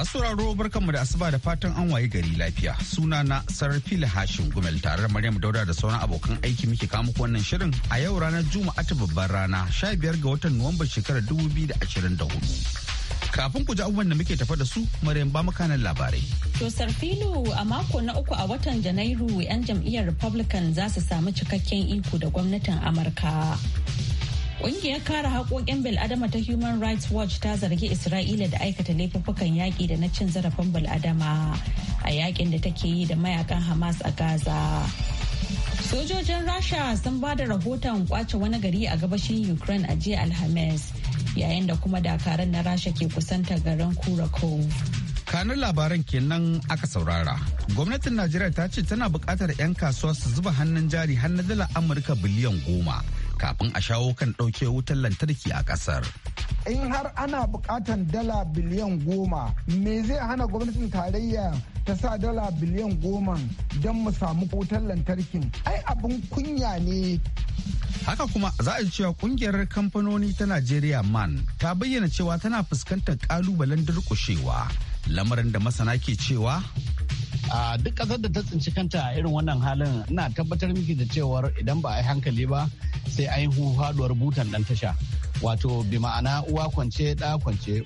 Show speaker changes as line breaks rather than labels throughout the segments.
Masu sauraro barkanmu da asuba da fatan an waye gari lafiya. Suna na Sarfil Hashim Gumel tare da Maryam Dauda da sauran abokan aiki muke kamu wannan shirin a yau ranar Juma'a ta babbar rana biyar ga watan Nuwamba shekarar hudu kafin ku ji abubuwan da muke tafa da su Maryam ba makanan labarai.
To Sarfilu a mako na uku a watan Janairu 'yan jam'iyyar Republican za su samu cikakken iko da gwamnatin Amurka. Ƙungiyar kare haƙoƙin bil'adama ta Human Rights Watch ta zargi Isra'ila da aikata laifuffukan yaƙi da na cin zarafin bil'adama a yaƙin da take yi da mayakan Hamas a Gaza. Sojojin Rasha sun ba da rahoton kwace wani gari a gabashin Ukraine a jiya Alhamis, yayin da kuma dakaran na Rasha ke kusanta garin kurako.
kanun labaran kenan aka saurara. Gwamnatin Najeriya ta ce tana bukatar 'yan kasuwa su zuba hannun jari har na dala Amurka biliyan goma. kafin a shawo kan ɗauke wutar lantarki a ƙasar.
in har ana buƙatar dala biliyan goma me zai hana gwamnatin tarayya ta sa dala biliyan goma don mu samu wutar lantarkin ai abin kunya ne
haka kuma za a cewa kungiyar kamfanoni ta najeriya man ta bayyana cewa tana fuskantar kalubalen durƙushewa lamarin da masana ke cewa a duk kasar da ta tsinci kanta irin wannan halin ina tabbatar miki da cewar idan ba a yi hankali ba sai an yi haduwar butan dan tasha wato bi ma'ana uwa kwance da kwance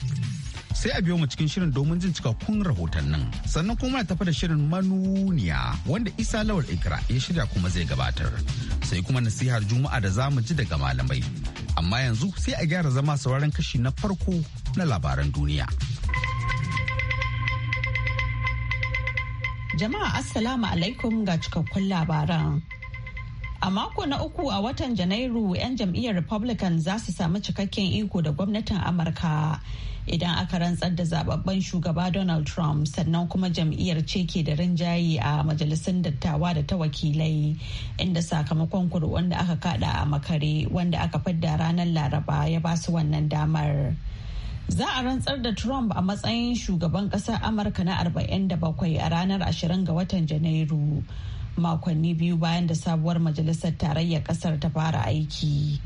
sai a biyo mu cikin shirin domin jin cikakkun rahoton nan sannan kuma na tafi da shirin manuniya wanda isa lawal ikra ya shirya kuma zai gabatar sai kuma nasihar juma'a da zamu ji daga malamai amma yanzu sai a gyara zama sauraron kashi na farko na labaran duniya
Jama'a Assalamu alaikum ga cikakkun labaran. A mako na uku a watan Janairu 'yan jam'iyyar Republican za su samu cikakken iko da gwamnatin Amurka idan aka rantsar da zababben shugaba Donald Trump sannan kuma jam'iyyar ce ke da rinjaye a majalisun dattawa da ta wakilai inda sakamakon kuri'un da aka kada a makare wanda aka fidda ranar Laraba ya ba su wannan damar. Za a rantsar da Trump a matsayin shugaban ƙasar Amurka na 47 a ranar 20 ga watan Janairu, makonni biyu bayan da sabuwar majalisar tarayyar ƙasar ta fara aiki.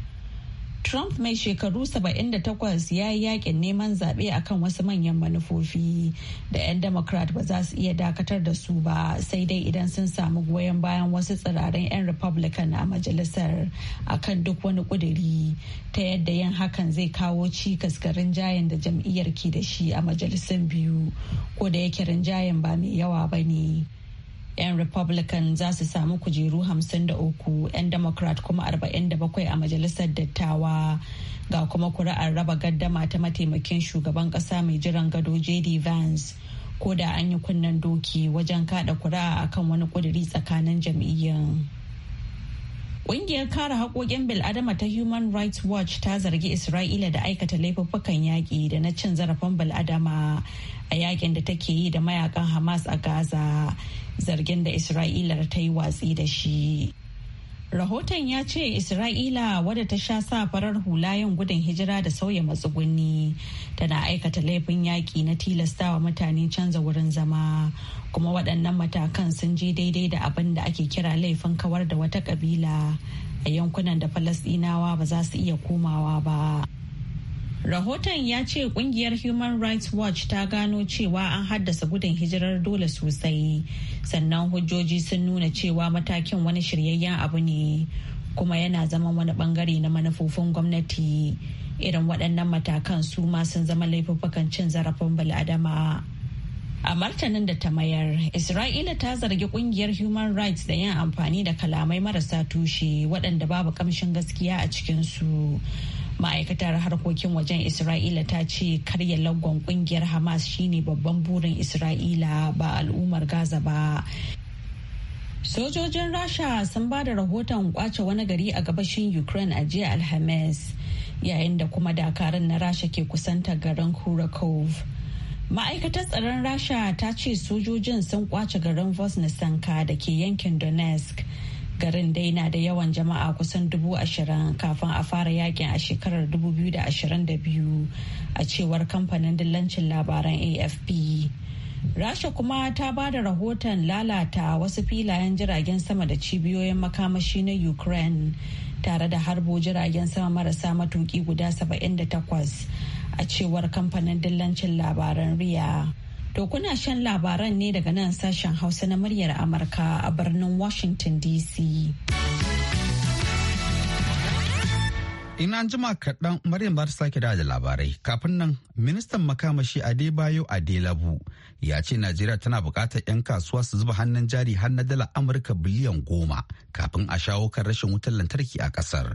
Trump mai shekaru 78 ya yi yakin neman zaɓe akan wasu manyan manufofi da 'yan Democrat ba za su iya dakatar da su ba sai dai idan sun samu goyon bayan wasu tsirarin 'yan Republican a majalisar akan duk wani ƙuduri ta yadda yin hakan zai kawo cikas ga rinjayen da jam'iyyar ke da shi a majalisun biyu ko da yake rinjayen ba mai yawa ba ne. 'yan republican za su samu kujeru 53 'yan democrat kuma 47 a majalisar dattawa ga kuma kuri'ar raba gaddama ta mataimakin shugaban kasa mai jiran gado jd vance ko da an yi kunnen doki wajen kada kuri'a akan wani kuduri tsakanin jam'iyyar. Ƙungiyar kare haƙoƙin bil'adama ta Human Rights Watch ta zargi Isra'ila da aikata laifuffukan yaƙi da na cin zarafin bil'adama a yaƙin da take yi da mayakan Hamas a Gaza, zargin da isra'ila ta yi watsi da shi rahoton ya ce isra'ila wadda ta sha sa farar hula yin gudun hijira da sauya matsuguni tana aikata laifin yaƙi na tilastawa mutane canza wurin zama kuma waɗannan matakan sun je daidai da abin da ake kira laifin kawar da wata ƙabila a yankunan da falasɗinawa ba za su iya komawa ba Rahoton ya ce kungiyar Human Rights Watch ta gano cewa an haddasa gudun hijirar dole sosai, sannan hujjoji sun nuna cewa matakin wani shiryayyen abu ne, kuma yana zama wani bangare na manufofin gwamnati. Irin waɗannan matakan su ma sun zama laifuffukan cin zarafin bal'adama. A martanin da ta mayar, Isra'ila ta zargi kungiyar Human Rights da yin amfani da kalamai marasa tushe waɗanda babu ƙamshin gaskiya a cikinsu. ma'aikatar harkokin wajen isra'ila ta ce karya lagon kungiyar hamas shine babban burin isra'ila ba al'ummar gaza ba sojojin rasha sun ba da rahoton kwace wani gari a gabashin ukraine a jiya alhamis yayin da kuma dakarun na rasha ke kusanta garin kurakov ma'aikatar tsaron rasha ta ce sojojin sun kwace garin vosnesenka da ke yankin donetsk garin dai na da yawan jama'a kusan dubu ashirin kafin a fara yakin a shekarar da biyu a cewar kamfanin dillancin labaran afp rasha kuma ta ba da rahoton lalata wasu filayen jiragen sama da cibiyoyin makamashi na ukraine tare da harbo jiragen sama marasa matuki guda 78 a cewar kamfanin dillancin labaran riya To kuna shan labaran ne daga nan sashen Hausa na muryar Amurka a birnin Washington DC.
In an jima kaɗan Maryam ba ta sake da labarai. Kafin nan, ministan makamashi Adebayo Adelabu ya ce Najeriya tana buƙatar 'yan kasuwa su zuba hannun jari har na dala Amurka biliyan goma kafin a shawo kan rashin wutar lantarki a ƙasar.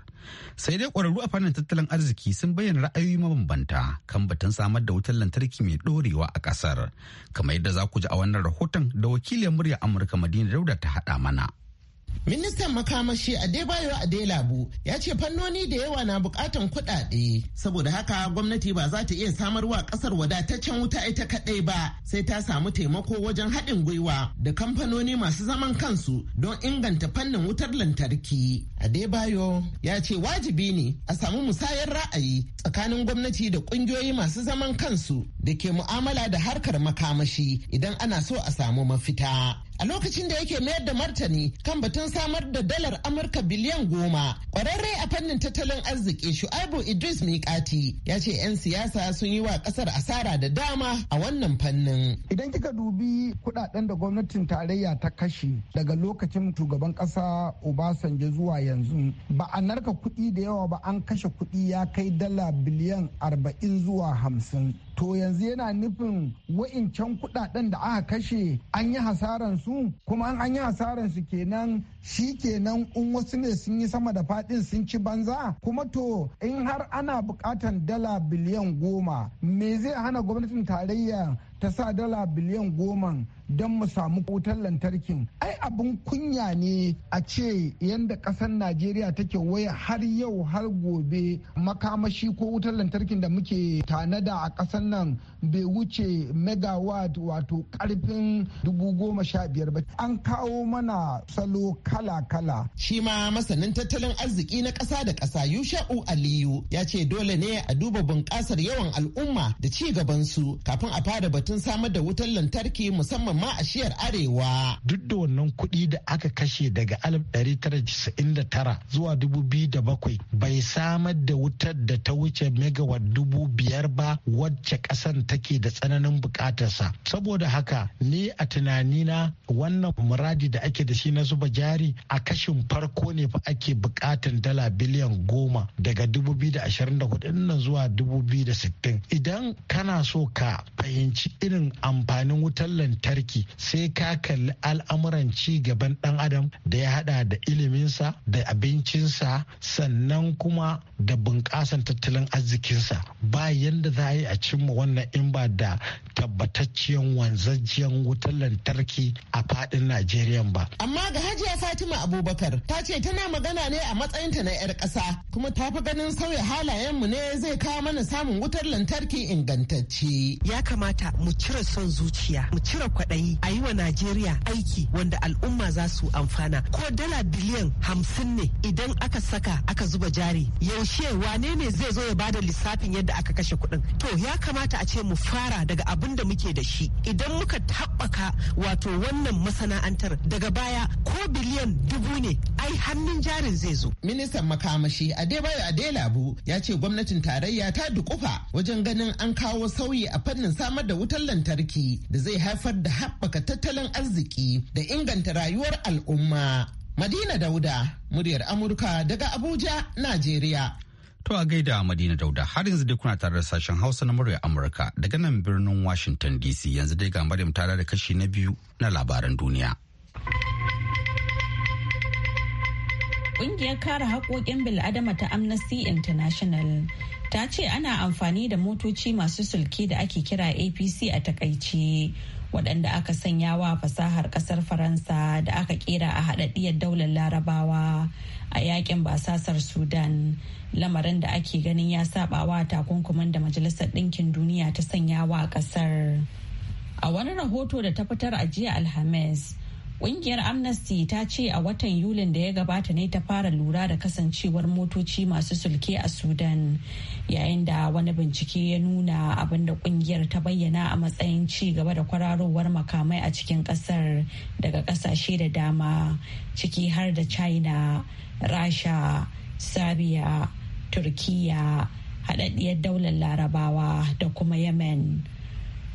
Sai dai ƙwararru a fannin tattalin arziki sun bayyana ra'ayoyi mabambanta kan batun samar da wutar lantarki mai ɗorewa a ƙasar. Kamar yadda za ku ji a wannan rahoton da wakiliyar murya Amurka Madina Dauda ta haɗa mana.
Ministan makamashi a Adebayo Adelabu ya ce fannoni da yawa na bukatan kuɗaɗe saboda haka gwamnati ba za ta iya samarwa ƙasar wadataccen wuta ita kaɗai ba sai ta samu taimako wajen haɗin gwiwa da kamfanoni masu zaman kansu don inganta fannin wutar lantarki. Adebayo ya ce wajibi ne a samu musayar ra'ayi tsakanin gwamnati da ƙungiyoyi masu zaman kansu da ke mu'amala da harkar makamashi idan ana so a samu mafita. a lokacin da yake mayar da martani kan batun samar da dalar amurka biliyan goma kwararre a fannin tattalin arziki shu'aibu idris mikati ya ce 'yan siyasa sun yi wa kasar asara da dama a wannan fannin idan kika
dubi kudaden da gwamnatin tarayya ta kashe daga lokacin shugaban kasa obasanjo zuwa yanzu ba a narka kuɗi da yawa ba an kashe kuɗi ya kai dala biliyan arba'in zuwa hamsin to yanzu yana nufin wa'incan kudaden da aka kashe an yi hasaran su kuma an yi hasaran su kenan shi kenan in wasu ne sun yi sama da fadin sun ci banza kuma to in har ana bukatan dala biliyan goma me zai hana gwamnatin tarayya ta sa dala biliyan goma don mu samu wutar lantarkin ai abin kunya ne a ce yadda ƙasar najeriya take waya har yau har gobe makamashi ko wutar lantarkin da muke tanada a kasar nan bai wuce megawatt wato karfin dubu goma sha biyar ba an kawo mana salo kala-kala
shi ma masanin tattalin arziki na ƙasa da ƙasa yusha'u aliyu ya ce dole ne a duba bunƙasar yawan al'umma da ci gabansu kafin a fara batun samar da wutar lantarki musamman ma a shiyar arewa duk da wannan kuɗi da aka kashe daga
1999 zuwa 2007 bai samar da wutar da ta wuce megawatt dubu biyar ba wacce ƙasar take da tsananin bukatarsa saboda haka ni a tunanina wannan muradi da ake da shi na zuba jari a kashin farko ne fa ake bukatan dala biliyan goma daga 2024 nan zuwa sittin idan kana so ka fahimci irin amfanin wutar lantarki sai ka kalli al'amuran ci gaban dan adam da ya hada da iliminsa da abincinsa sannan kuma da bunƙasan tattalin arzikinsa ba yadda za a yi a cimma wannan matsayin ba da tabbatacciyar wanzajiyar wutar lantarki a fadin Najeriya ba.
Amma ga Hajiya Fatima Abubakar ta ce tana magana ne a matsayin ta na 'yar ƙasa kuma ta fi ganin sauya halayen mu ne zai kawo mana samun wutar lantarki ingantacce. Ya kamata mu cire son zuciya, mu cire kwaɗayi, a yi wa Najeriya aiki wanda al'umma za su amfana. Ko dala biliyan hamsin ne idan aka saka aka zuba jari yaushe wane ne zai zo ya bada lissafin yadda aka kashe kuɗin. To ya kamata a ce mu mu fara daga abin da muke da shi idan muka haɓaka wato wannan masana'antar daga baya ko biliyan dubu ne ai hannun jarin zai zo ministan makamashi adebayo adelabu ya ce gwamnatin tarayya ta dukufa wajen ganin an kawo sauyi a fannin samar da wutar lantarki da zai haifar da haɓaka tattalin arziki da inganta rayuwar al'umma madina dauda muryar amurka daga abuja najeriya
To a gaida Madina Dauda har yanzu dai kuna tare da sashen Hausa na murya Amurka daga nan birnin Washington DC yanzu dai ga Maryam tare da kashi na biyu na labaran duniya.
Ƙungiyar kare haƙoƙin bil'adama ta Amnesty International ta ce ana amfani da motoci masu sulki da ake kira APC a takaice waɗanda aka sanya wa fasahar ƙasar faransa da aka ƙera a haɗaɗɗiyar daular larabawa a yakin basasar sudan lamarin da ake ganin ya wa takunkuman da majalisar ɗinkin duniya ta sanya wa ƙasar a wani rahoto da ta fitar a jiya alhamis Ƙungiyar Amnesty ta ce a watan Yulin da ya gabata ne ta fara lura da kasancewar motoci masu sulke a Sudan yayin da wani bincike ya nuna abinda ƙungiyar ta bayyana a matsayin ci gaba da kwararowar makamai a cikin ƙasar daga ƙasashe da dama ciki har da China, Rasha, Sabiya, Turkiya, haɗaɗɗiyar daular Larabawa da kuma Yemen.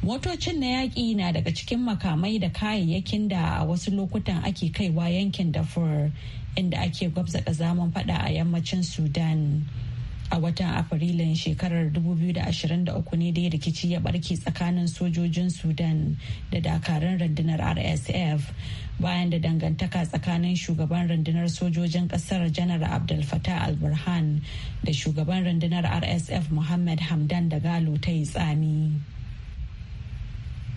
Motocin na yaƙi na daga cikin makamai da kayayyakin da a wasu lokutan ake kaiwa yankin Darfur inda ake gwabza zaman fada a yammacin Sudan. A watan Afrilun shekarar 2023 ne dai rikici ya barke tsakanin sojojin Sudan da dakarun rundunar RSF bayan da dangantaka tsakanin shugaban rundunar sojojin kasar janar Abdul Fattah al-Burhan da shugaban rundunar RSF Muhammad Hamdan da Galo ta yi tsami.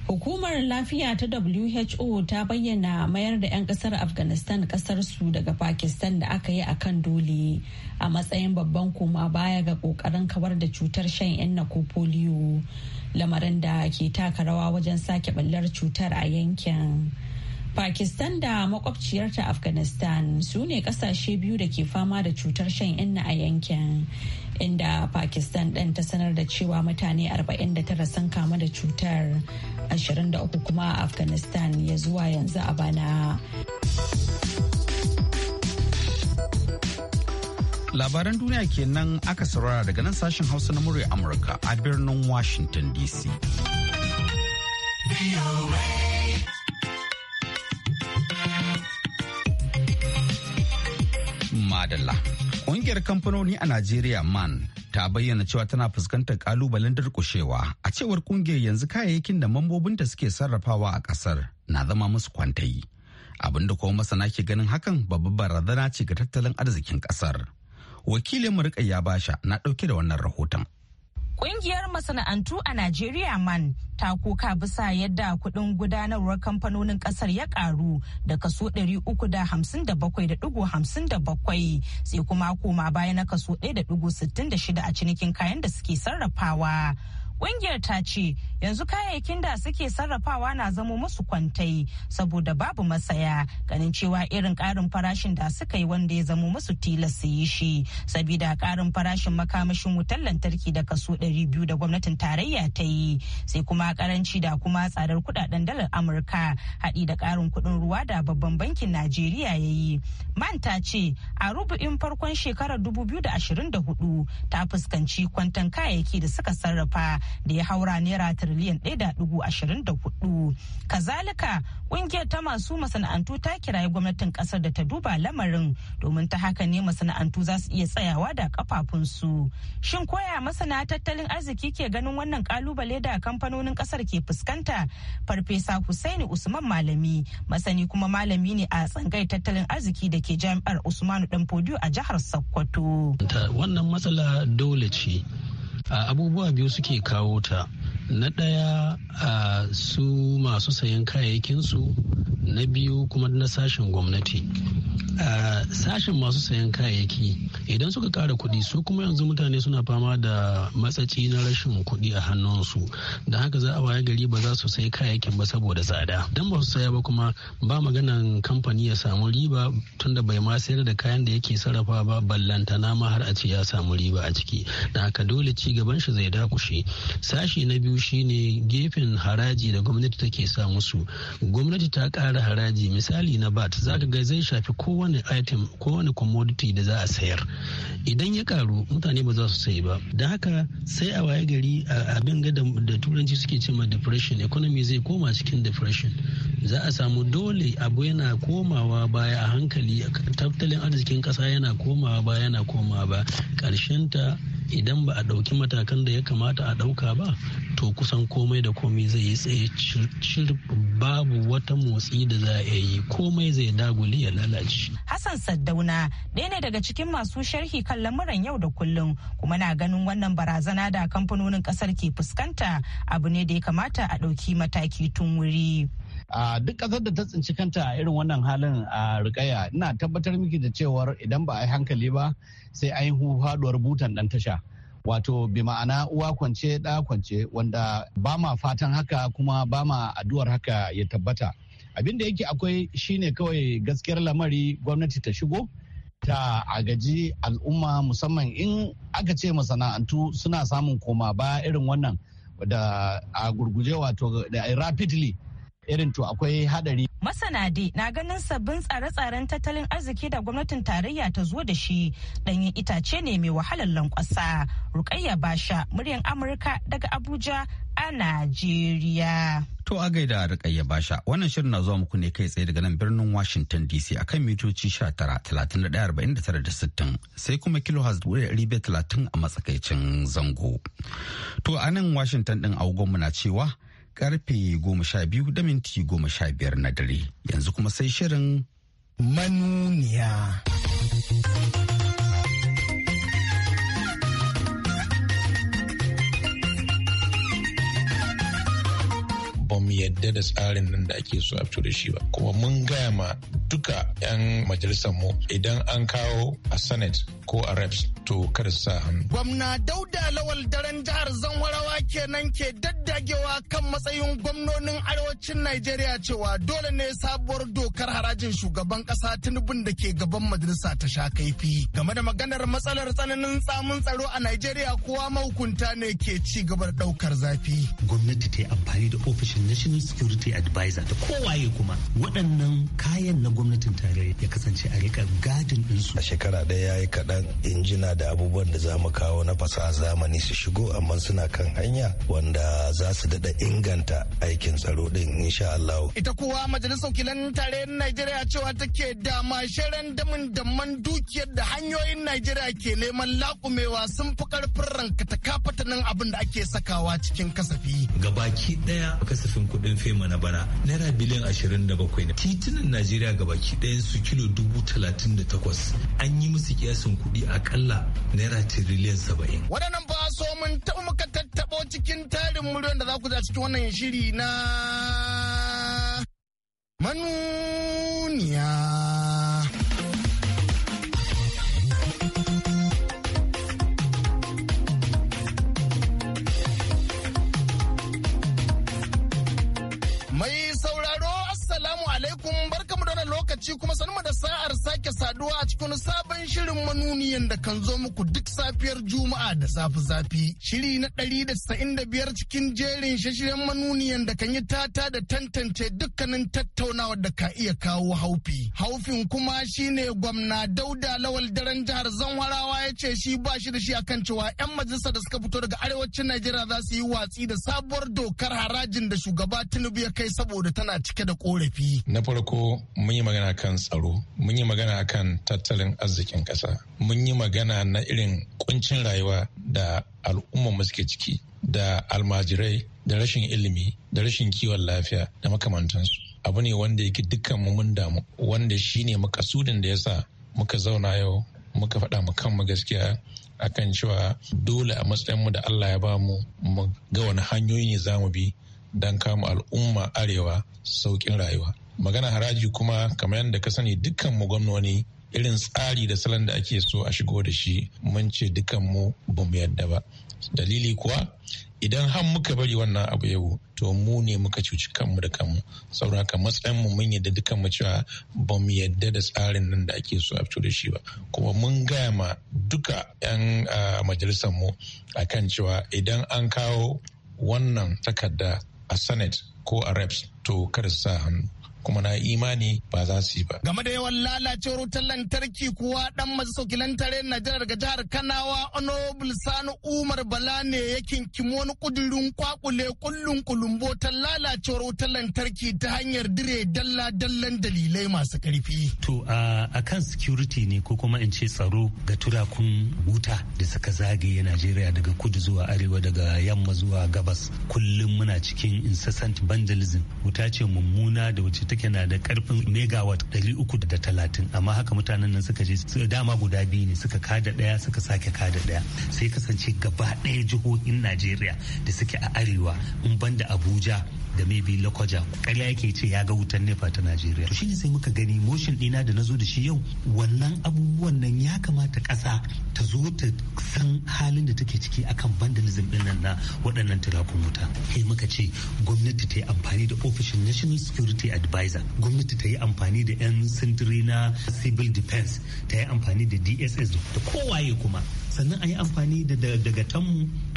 Hukumar lafiya ta WHO ta bayyana mayar da 'yan kasar Afghanistan kasarsu daga Pakistan da aka yi a kan dole a matsayin babban koma baya ga kokarin kawar da cutar shan 'yan na polio lamarin da ke taka rawa wajen sake ɓallar cutar a yankin. Pakistan da makwabciyarta Afghanistan su ne kasashe biyu da ke fama da cutar shan inna a yankin. Inda Pakistan ɗin ta sanar da cewa mutane 49 sun kama da cutar 23 kuma a Afghanistan ya zuwa yanzu a bana.
Labaran duniya kenan aka saurara daga nan sashen Hausa na murya Amurka a birnin Washington DC. madalla. Ƙungiyar kamfanoni a Najeriya MAN ta bayyana cewa tana fuskantar ƙalubalen durƙushewa a cewar ƙungiyar yanzu kayayyakin da mambobinta suke sarrafawa a ƙasar na zama musu kwantai. Abin da kuma masana ke ganin hakan babbar barazana ce ga tattalin arzikin ƙasar. Wakilin Murƙa basha na ɗauke da wannan rahoton.
Ƙungiyar masana'antu a Najeriya MAN ta koka bisa yadda kudin gudanarwar kamfanonin kasar ya karu da kaso 357.57 sai kuma koma baya na kaso 1.66 a cinikin kayan da suke sarrafawa. Ƙungiyar ta ce yanzu kayayyakin da suke sarrafawa na zamo musu kwantai saboda babu masaya ganin cewa irin ƙarin farashin da suka yi wanda ya zamo musu tilas su yi shi saboda ƙarin farashin makamashin wutar lantarki da kaso biyu da gwamnatin tarayya ta yi sai kuma ƙaranci da kuma tsadar kudaden dalar Amurka haɗi da ƙarin kuɗin ruwa da babban bankin Najeriya ya yi. man ta ce a rubu'in farkon shekarar 2024 ta fuskanci kwantan kayayyaki da suka sarrafa da ya haura naira tiriliyan 1.24 kazalika kungiyar ta masu masana'antu ta kirayi gwamnatin kasar da ta duba lamarin domin ta haka ne masana'antu za su iya tsayawa da kafafunsu shin koya masana tattalin arziki ke ganin wannan kalubale da kamfanonin kasar ke fuskanta farfesa husaini usman malami masani kuma malami ne a tsangai tattalin arziki da ke jami'ar usmanu dan a jihar
sokoto wannan matsala dole ce a abubuwa biyu suke kawo ta na ɗaya su masu sayan kayayyakinsu na biyu kuma na sashen gwamnati a sashen masu sayan kayayyaki idan suka kara kuɗi su kuma yanzu mutane suna fama da matsaci na rashin kuɗi a hannunsu da haka za a waye gari ba za su sayi kayayyakin ba saboda tsada dan ba su saya ba kuma ba maganan kamfani ya samu riba tunda bai ma sayar da kayan da yake sarrafa ba ballantana ma har a ce ya samu riba a ciki da haka dole ci gaban shi zai dakushe sashi na biyu shine gefen haraji da gwamnati take sa musu gwamnati ta kara haraji misali na bat zaka ga zai shafi kowane kowane item kowane commodity da za a sayar idan ya karu mutane ba za su sayi ba da haka sai a waye gari a ga da turanci suke cewa depression economy zai koma cikin depression za a samu dole abu yana komawa baya a hankali tattalin arzikin kasa yana komawa baya yana komawa ba karshen ta idan ba a ɗauki matakan da ya kamata a ɗauka ba to kusan komai da komai zai yi tsaye babu wata motsi da za a yi komai zai dagule ya lalace.
Hassan Saddauna ɗaya ne daga cikin masu sharhi kan lamuran yau da kullum kuma na ganin wannan barazana da kamfanonin ƙasar ke fuskanta abu ne da ya kamata a ɗauki mataki tun wuri.
a duk kasar da ta tsinci kanta a irin wannan halin a rikaya ina tabbatar miki da cewar idan ba a yi hankali ba sai an yi haduwar butan ɗan tasha wato bi ma'ana uwa kwance ɗa kwance wanda ba ma fatan haka kuma ba ma addu'ar haka ya tabbata abin da yake akwai shine kawai gaskiyar lamari gwamnati ta shigo ta agaji al'umma musamman in aka ce masana'antu suna samun koma ba irin wannan da a gurguje wato da rapidly irin to akwai hadari.
Masana dai na ganin sabbin tsare-tsaren tattalin arziki da gwamnatin tarayya ta zo da shi ɗanyen itace ne mai wahalar lankwasa. Rukayya Basha muryar Amurka daga Abuja a Najeriya.
To a gaida Rukayya Basha wannan shirin na zuwa muku ne kai tsaye daga nan birnin Washington DC akan mitoci 19 sai kuma kilohaz 130 a matsakaicin zango. To a nan Washington din agogonmu na cewa karfe goma sha biyu da minti goma sha biyar na dare yanzu kuma sai shirin manuniya.
Ba mu yadda da tsarin nan da ake so a fito da shi ba, kuma mun gaya ma duka 'yan majalisar mu idan an kawo a senate ko a reps to kada sa hannu.
Gwamna Dauda Lawal daren jihar Zanwarawa kenan ke daddagewa kan matsayin gwamnonin arewacin Najeriya cewa dole ne sabuwar dokar harajin shugaban kasa tunubin da ke gaban majalisa ta sha kaifi. Game da maganar matsalar tsananin tsamin tsaro a Najeriya kowa mahukunta ne ke ci da daukar zafi.
Gwamnati ta yi amfani da ofishin National Security Advisor da kowaye kuma waɗannan kayan na gwamnatin tarayya ya kasance a rika gadin
ɗinsu. A shekara daya ya yi kaɗan injina da abubuwan da za mu kawo na fasaha zamani su shigo amma suna kan hanya wanda za su daɗa inganta aikin tsaro din insha Allah.
Ita kuwa majalisar wakilan tarayyar Najeriya cewa take da masheren damin damman dukiyar da hanyoyin Najeriya ke neman laƙumewa sun fi ƙarfin rankata nan abin da ake sakawa cikin kasafi.
Gabaki ɗaya kasafin kuɗin fema na bana naira biliyan ashirin da bakwai ne. Titunan Najeriya gaba baki su kilo dubu talatin da takwas an yi musu kiyasin kuɗi akalla naira tiriliyan saba'in.
waɗannan ba so mun taɓa muka tattaɓo cikin tarin miliyon da za ku cikin wannan shiri na manuniya. lokaci kuma sanmu da sa'ar sake saduwa a cikin sabon shirin manuniyan da kan zo muku duk safiyar Juma'a da safi zafi Shiri na ɗari da da biyar cikin jerin shashiren manuniyan da kan yi tata da tantance dukkanin tattaunawa da ka iya kawo haufi. Haufin kuma shine gwamna Dauda Lawal daren jihar Zanwarawa ya ce shi ba shi da shi akan cewa 'yan majalisa da suka fito daga arewacin Najeriya za su yi watsi da sabuwar dokar harajin da shugaba Tinubu ya kai saboda tana
cike da korafi. Na farko mun yi magana kan tsaro mun yi magana kan tattalin arzikin ƙasa mun yi magana na irin kuncin rayuwa da al'ummar suke ciki da almajirai da rashin ilimi da rashin kiwon lafiya da makamantansu abu ne wanda yake dukkan mu mun damu wanda shine makasudin da yasa muka zauna yau muka faɗa mu kanmu gaskiya akan cewa dole a matsayinmu da Allah ya ba mu mu ga wani hanyoyi ne za mu bi don kama al'umma arewa saukin rayuwa magana haraji kuma kamar yadda ka sani dukkan mu gwamnoni irin tsari da salon da ake so a shigo da shi mun ce dukkan mu ba mu yadda ba dalili kuwa idan har muka bari wannan abu yau to mu ne muka cuci kanmu da kanmu saboda matsayin mu mun yadda dukkan mu cewa ba mu yadda da tsarin nan da ake so a fito da shi ba kuma mun gaya ma duka yan majalisar mu akan cewa idan an kawo wannan takarda a senate ko a reps to kar sa hannu kuma na imani ba za su yi ba.
Game da yawan lalacewar wutar lantarki kuwa dan masaukilan tare na jihar ga jihar Kanawa Honorable Sani Umar Bala ne ya kinkimo wani kudurin kwakule kullun kulumbo ta lalacewar wutar lantarki ta hanyar dire dalla dallan dalilai masu karfi. To
a kan security ne ko kuma in ce tsaro ga turakun wuta da suka zagaye Najeriya daga kudu zuwa arewa daga yamma zuwa gabas kullum muna cikin incessant vandalism wuta ce mummuna da wuce take na da karfin megawatt talatin amma haka mutanen nan suka je dama guda biyu ne suka kada daya suka sake kada daya sai kasance gaba daya jihohin Najeriya da suke a arewa in banda Abuja da maybe lokoja ƙarya yake ce ya ga wutan nefa ta najeriya to shine sai muka gani motion dina da na zo da shi yau wannan abubuwan nan ya kamata ƙasa ta zo ta san halin da take ciki akan vandalism din nan na waɗannan turakun wuta sai muka ce gwamnati ta yi amfani da ofishin national security advisor gwamnati ta yi amfani da 'yan sintiri na civil defense ta yi amfani da dss da kowaye kuma sannan a yi amfani da daga tan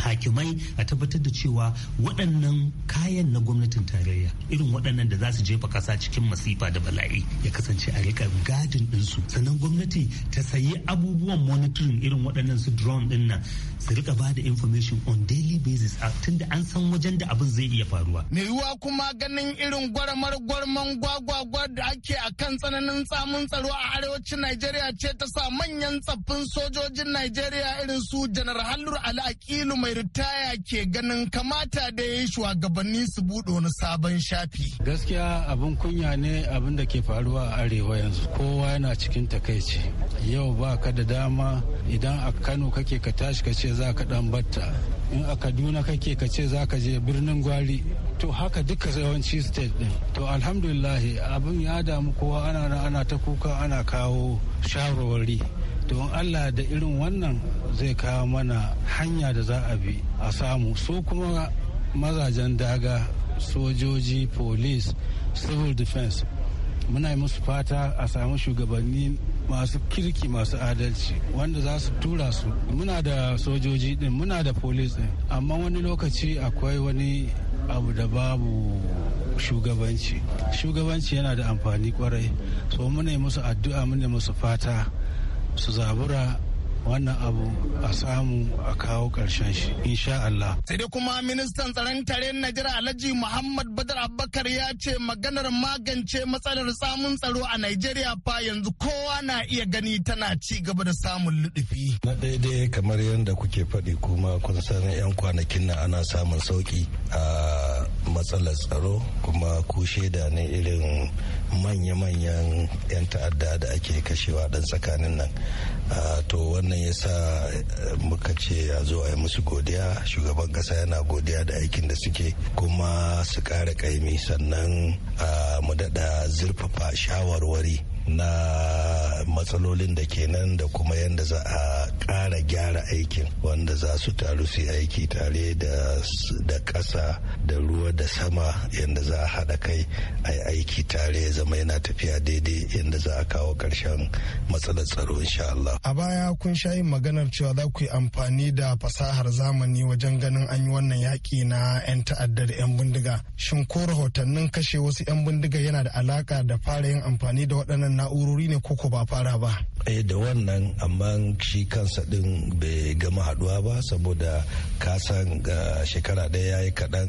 hakimai a tabbatar da cewa waɗannan kayan na gwamnatin tarayya irin waɗannan da za su jefa kasa cikin masifa da bala'i ya kasance a riƙa gadin ɗinsu sannan gwamnati ta sayi abubuwan monitoring irin waɗannan su drone ɗin nan su rika ba da information on daily basis tunda an san wajen da abin zai iya faruwa.
Me yiwuwa kuma ganin irin gwaramar gwarman gwagwagwa da ake a kan tsananin tsamun tsaro a arewacin Najeriya ce ta sa manyan tsaffin sojojin Najeriya ya irin su janar hallur ali akilu mai ritaya ke ganin kamata da ya yi shugabanni su buɗe wani sabon shafi gaskiya
abin kunya ne abin da ke faruwa a arewa yanzu kowa yana cikin takaici yau ba ka da dama idan a kano kake ka tashi ka ce za ka dan batta in a kaduna kake ka ce za ka je birnin gwari to haka duka yawanci state din to alhamdulillah abin ya damu kowa ana ana ta kuka ana kawo shawarwari don allah da irin wannan zai kawo mana hanya da za a bi a samu su kuma mazajen daga sojoji police civil defense muna yi musu fata a samu shugabanni masu kirki masu adalci wanda za su tura su muna da sojoji din muna da police din amma wani lokaci akwai wani abu da babu shugabanci shugabanci yana da amfani kwarai so muna yi musu addu'a muna musu fata su zabura wannan abu a samu a kawo karshen shi insha Allah.
Sai dai kuma ministan tsaron tare Najeriya Alhaji Muhammad Badar Abubakar ya ce maganar magance matsalar samun tsaro a Najeriya fa yanzu kowa na iya gani tana ci gaba da samun ludufi.
Na daidai kamar yadda kuke faɗi kuma kun san 'yan kwanakin nan ana samun sauki a matsalar tsaro kuma ku shaida ne irin manya-manyan 'yan ta'adda da ake kashewa dan tsakanin nan to wannan ya sa eh, muka ce a zo a yi musu godiya shugaban kasa yana godiya da aikin da suke kuma su ƙara ƙaimi sannan mu daɗa zurfafa shawarwari na matsalolin da ke nan da kuma yadda za a ƙara gyara aikin wanda za su taru su aiki tare da ƙasa da ruwa da sama yadda za a haɗa kai a yi aiki tare zama yana tafiya daidai yadda za a kawo ƙarshen matsalar tsaro insha Allah.
A baya kun sha yin maganar cewa za ku yi amfani da fasahar zamani wajen ganin an yi wannan yaƙi na 'yan ta'addar 'yan bindiga. Shin ko rahotannin kashe wasu 'yan bindiga yana da alaƙa da fara yin amfani da waɗannan na'urori ne koko ba fara ba
Eh, da wannan amma shi kansa din bai gama haduwa ba saboda kasan shekara ɗaya ya yi kaɗan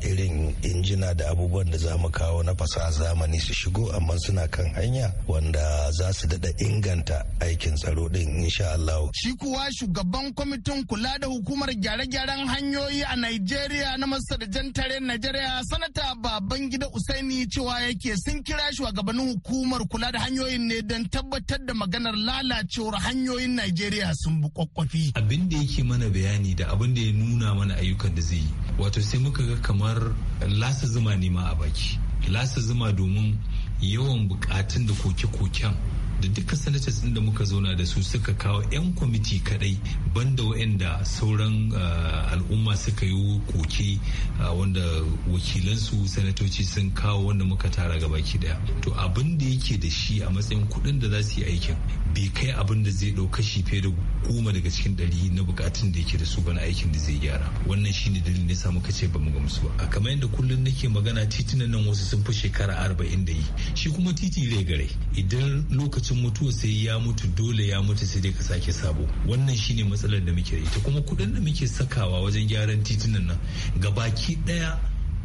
irin injina da abubuwan da za mu kawo na fasaha zamani su shigo amma suna kan hanya wanda za su daɗa inganta aikin tsaro din insha Allah. Shi
kuwa shugaban kwamitin kula da hukumar gyare-gyaren hanyoyi a Najeriya na masarjan tare Najeriya sanata baban Babangida Usaini cewa yake sun kira shugabannin hukumar kula da hanyoyin ne don tabbatar da magana maganar lalacewar hanyoyin Najeriya sun bi
kwakwafi. Abin da yake mana bayani da abin da ya nuna mana ayyukan da zai yi. Wato sai muka ga kamar lasa zuma ne ma a baki. Lasa zuma domin yawan bukatun da koke-koken da duka senators da muka zauna da su suka kawo 'yan kwamiti kadai banda waɗanda sauran eh, al'umma suka yi koke eh, wanda wakilansu sanatoci sun kawo wanda muka tara ga baki daya to abin da yake da shi a matsayin kuɗin da za su yi aikin bai kai abin da zai ɗauka shi fiye da goma daga cikin ɗari na bukatun da yake da su bana aikin da zai gyara wannan shine dalilin da yasa muka ce ba mu gamsu ba kamar yadda kullum nake magana titunan nan wasu sun fi shekara arba'in da yi shi kuma titi rai gare idan lokacin lokacin mutuwa sai ya mutu dole ya mutu sai dai ka sake sabo wannan shine matsalar da muke da ita kuma kuɗin da muke sakawa wajen gyaran titunan nan gabaki ɗaya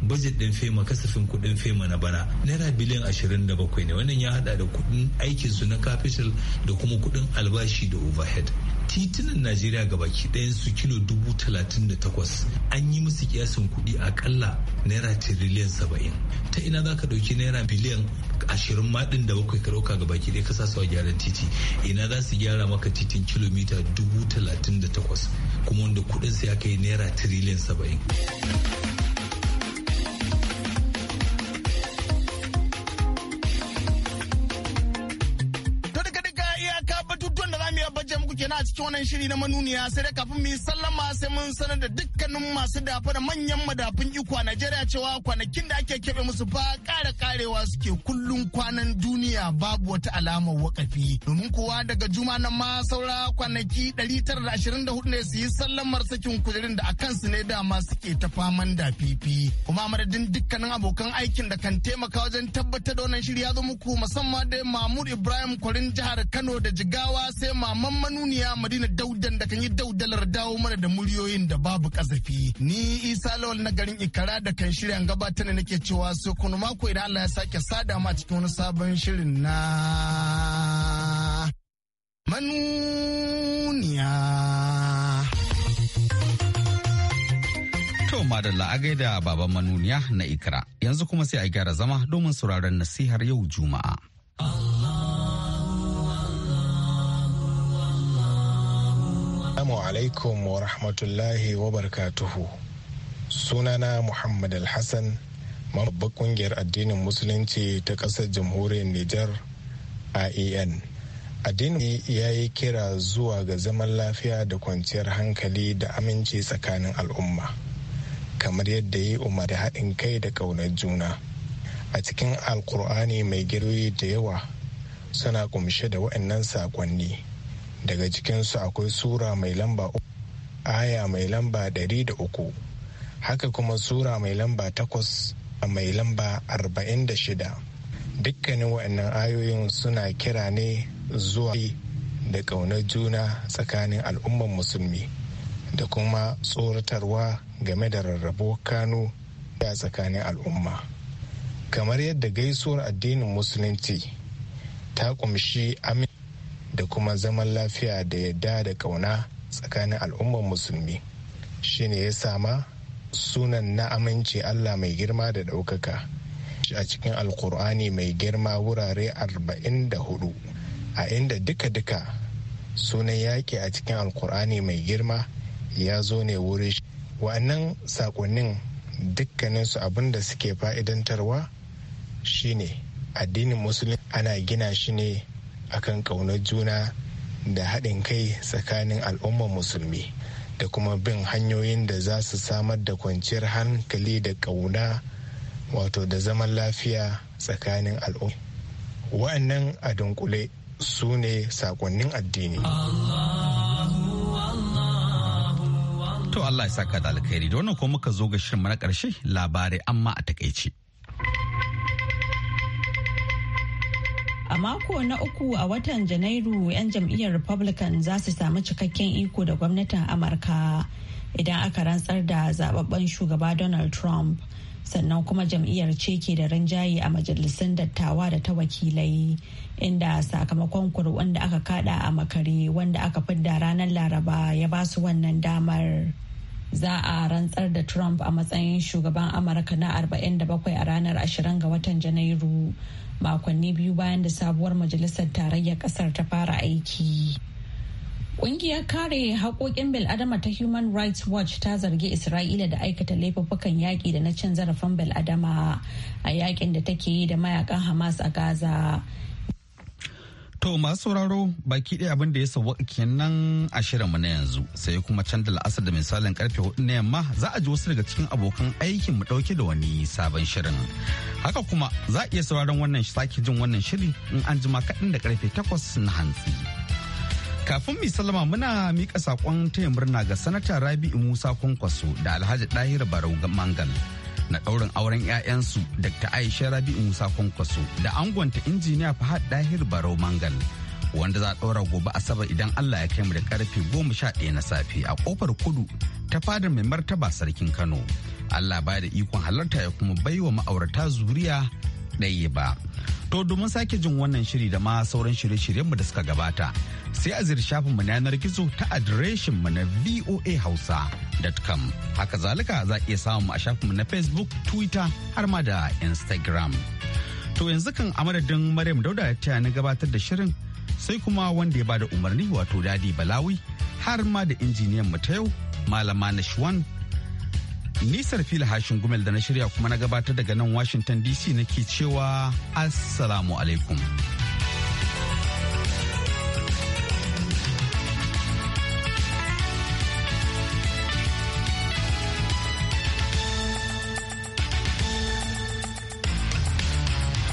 budget din fema kasafin kudin fema na bana naira biliyan 27 ne wannan ya hada da kudin aikin su na capital da kuma kudin albashi da overhead titunan najeriya gabaki ɗayan su kilo dubu talatin da takwas an yi musu kiyasin kuɗi akalla naira tiriliyan saba'in ta ina za ka ɗauki naira biliyan ashirin maɗin da bakwai ka ɗauka gabaki ɗaya su a gyaran titi ina za su gyara maka titin kilomita dubu talatin da takwas kuma wanda kuɗinsa ya kai naira tiriliyan saba'in.
wannan shiri na manuniya sai dai kafin mu yi sallama sai mun sanar da duk dukkanin masu dafa da manyan madafin iko a Najeriya cewa kwanakin da ake kebe musu fa ƙara ƙarewa suke kullum kwanan duniya babu wata alama wakafi. Domin kuwa daga juma nan ma saura kwanaki 924 ne su yi sallamar sakin kujerin da a kansu ne dama suke ta faman da fifi. Kuma madadin dukkanin abokan aikin da kan taimaka wajen tabbatar da wannan shiri ya zo muku musamman da Mahmud Ibrahim Kwarin jihar Kano da Jigawa sai Maman Manuniya Madina Daudan da kan yi daudalar dawo mana da muryoyin da babu ƙasa. zafi ni isa lawal na garin ikara da kan shirya gabatar da nake cewa sai kuma mako idan allah ya sake sada ma cikin wani sabon shirin na
manuniya to madalla a gaida baban manuniya na ikara yanzu kuma sai a gyara zama domin sauraron
nasihar yau juma'a Assalamu alaikum wa rahmatullahi wa barkatuhu. Sunana Muhammad Al-Hassan, mababbar kungiyar addinin Musulunci ta ƙasar jamhuriyar Nijar IEN. Addini ya yi kira zuwa ga zaman lafiya da kwanciyar hankali da aminci tsakanin al'umma, kamar yadda yi umar da haɗin kai da ƙaunar juna. A cikin Alƙur'ani mai girwi da yawa suna ƙumshe da waɗannan saƙonni. daga cikinsu akwai sura mai lamba aya mai lamba ɗari da uku haka kuma sura mai lamba takwas a mai lamba arba'in da shida dukkanin wa'annan ayoyin suna kira ne zuwa da ƙaunar juna tsakanin al'umman musulmi da kuma tsoratarwa game da rarrabo kanu da tsakanin al'umma kamar yadda gaisuwar addinin musulunci ta ƙumshi amin da kuma zaman lafiya da yadda da ƙauna tsakanin al'ummar musulmi shi ne ya sama sunan na aminci allah mai girma da ɗaukaka a cikin alkur'ani mai girma wurare 44 a inda duka-duka sunan yaƙi a cikin alkur'ani mai girma ya zo ne wuri wa'annan saƙonnin dukkaninsu abin da suke fa'idantarwa shine addinin musulmi ana gina shi ne akan ƙaunar juna da haɗin kai tsakanin al'ummar musulmi da kuma bin hanyoyin da za su samar da kwanciyar hankali da ƙauna wato da zaman lafiya tsakanin al'umma wa'annan a dunkule su ne saƙonnin addini to Allah ya saka da alkhairi
da wannan ko muka zo ga shirin na ƙarshe labarai amma a takaice.
A mako na uku a watan Janairu 'yan jam'iyyar Republican za su samu cikakken iko da gwamnatin Amurka idan aka rantsar da zababben shugaba Donald Trump. Sannan kuma jam'iyyar ce ke da rinjaye a majalisun dattawa da ta wakilai inda sakamakon kuri'un da aka kada a makare wanda aka fidda ranar Laraba ya ba su wannan damar. za a rantsar da Trump a matsayin shugaban Amurka na 47 a ranar 20 ga watan Janairu makonni biyu bayan da sabuwar majalisar tarayyar kasar ta fara aiki. Ƙungiyar kare haƙoƙin bil'adama ta Human Rights Watch ta zargi Isra'ila da aikata laifuffukan yaƙi da na cin zarafin bil'adama a yaƙin da take yi da mayakan Hamas a Gaza.
To masu sauraro baki ɗaya abin da ya sauwa kenan a shirinmu na yanzu sai kuma can da la'asar da misalin karfe hudu na yamma za a ji wasu daga cikin abokan aikin mu ɗauke da wani sabon shirin. Haka kuma za a iya sauraron wannan sake jin wannan shiri in an jima kaɗan da karfe takwas na hantsi. Kafin mu salama muna mika saƙon taya murna ga sanata Rabi'u Musa Kwankwaso da Alhaji Ɗahir Barau Mangal. na ɗaurin auren 'ya'yansu Dr. Aisha Rabi'u Musa Kwankwaso da angonta injiniya Fahad Dahir Barau Mangal wanda za a ɗaura gobe Asabar idan Allah ya kai mu da karfe goma sha ɗaya na safe a kofar kudu ta fadar mai martaba sarkin Kano. Allah ba da ikon halarta ya kuma bai wa ma'aurata zuriya ɗaya ba. To domin sake jin wannan shiri da ma sauran shirye-shiryenmu da suka gabata sai a ziyarci shafinmu na yanar gizo ta mu na voa hausa.com. Haka zalika za iya samun a shafinmu na Facebook, Twitter har ma da Instagram. To yanzu kan a madadin Maryam Dauda ta na gabatar da shirin sai kuma wanda ya bada umarni wato Dadi Balawi har ma da injiniyan mu ta yau Malama Nashwan. Nisar fila hashin gumel da na shirya kuma na gabatar daga nan Washington DC nake cewa Assalamu alaikum.